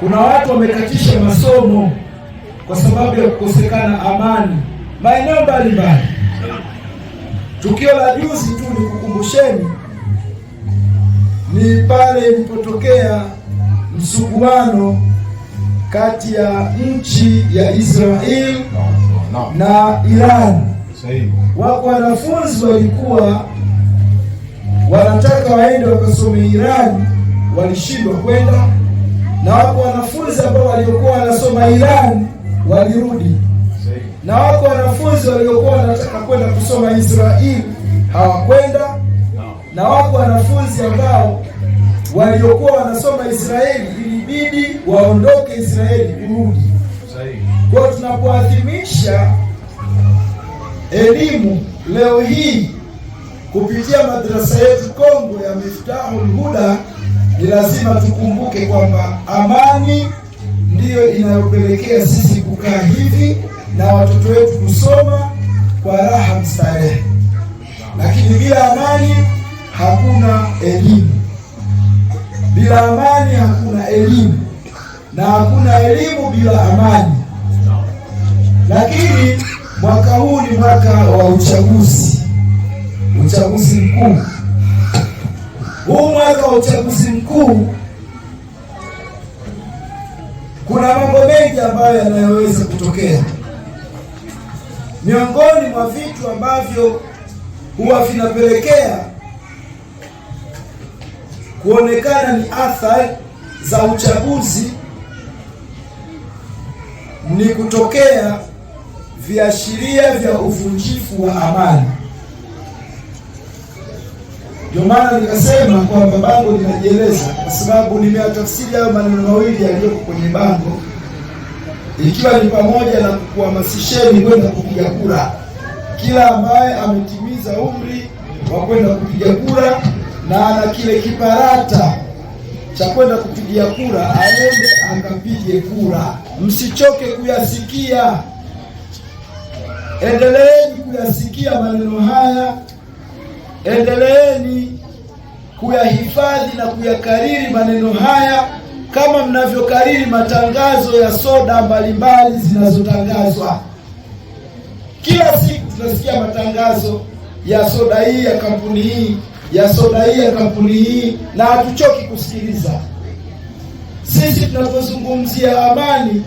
Kuna watu wamekatisha masomo kwa sababu ya kukosekana amani maeneo mbalimbali. Tukio la juzi tu nikukumbusheni, ni pale ilipotokea msuguano kati ya nchi ya israel no, no, na Iran. Wako wanafunzi walikuwa wanataka waende wakasome Iran walishindwa kwenda, na wako wanafunzi ambao waliokuwa wanasoma Iran walirudi, na wako wanafunzi waliokuwa wanataka kwenda kusoma Israeli hawakwenda, na wako wanafunzi ambao waliokuwa wanasoma Israeli ilibidi waondoke Israeli kurudi. Kwa hiyo tunapoadhimisha elimu leo hii kupitia madrasa yetu kongwe ya Miftahul Huda ni lazima tukumbuke kwamba amani ndiyo inayopelekea sisi kukaa hivi na watoto wetu kusoma kwa raha mstarehe, lakini bila amani hakuna elimu, bila amani hakuna elimu, na hakuna elimu bila amani. Lakini mwaka huu ni mwaka wa uchaguzi, uchaguzi mkuu huu mwaka wa uchaguzi mkuu kuna mambo mengi ambayo yanayoweza kutokea. Miongoni mwa vitu ambavyo huwa vinapelekea kuonekana ni athari za uchaguzi ni kutokea viashiria vya uvunjifu wa amani. Ndio maana nikasema kwamba bango linajieleza, kwa sababu nimeyatafsiri hayo maneno mawili yaliyoko kwenye bango, ikiwa ni pamoja na kuhamasisheni kwenda kupiga kura. Kila ambaye ametimiza umri wa kwenda kupiga kura na ana kile kiparata cha kwenda kupigia kura aende akapige kura. Msichoke kuyasikia, endeleeni kuyasikia maneno haya endeleeni kuyahifadhi na kuyakariri maneno haya kama mnavyokariri matangazo ya soda mbalimbali zinazotangazwa kila siku. Tunasikia matangazo ya soda hii ya kampuni hii ya soda hii ya kampuni hii, na hatuchoki kusikiliza. Sisi tunapozungumzia amani,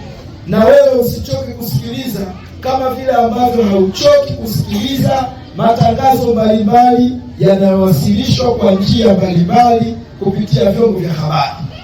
na wewe usichoke kusikiliza, kama vile ambavyo hauchoki kusikiliza matangazo mbalimbali yanayowasilishwa kwa njia mbalimbali kupitia vyombo vya habari.